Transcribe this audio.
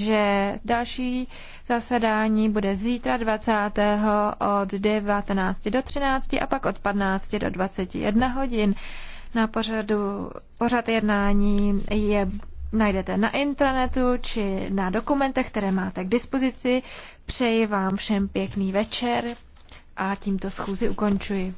že další zasedání bude zítra 20. od 19 do 13 a pak od 15 do 21 hodin. Na pořadu, pořad jednání je najdete na intranetu či na dokumentech, které máte k dispozici. Přeji vám všem pěkný večer a tímto schůzi ukončuji.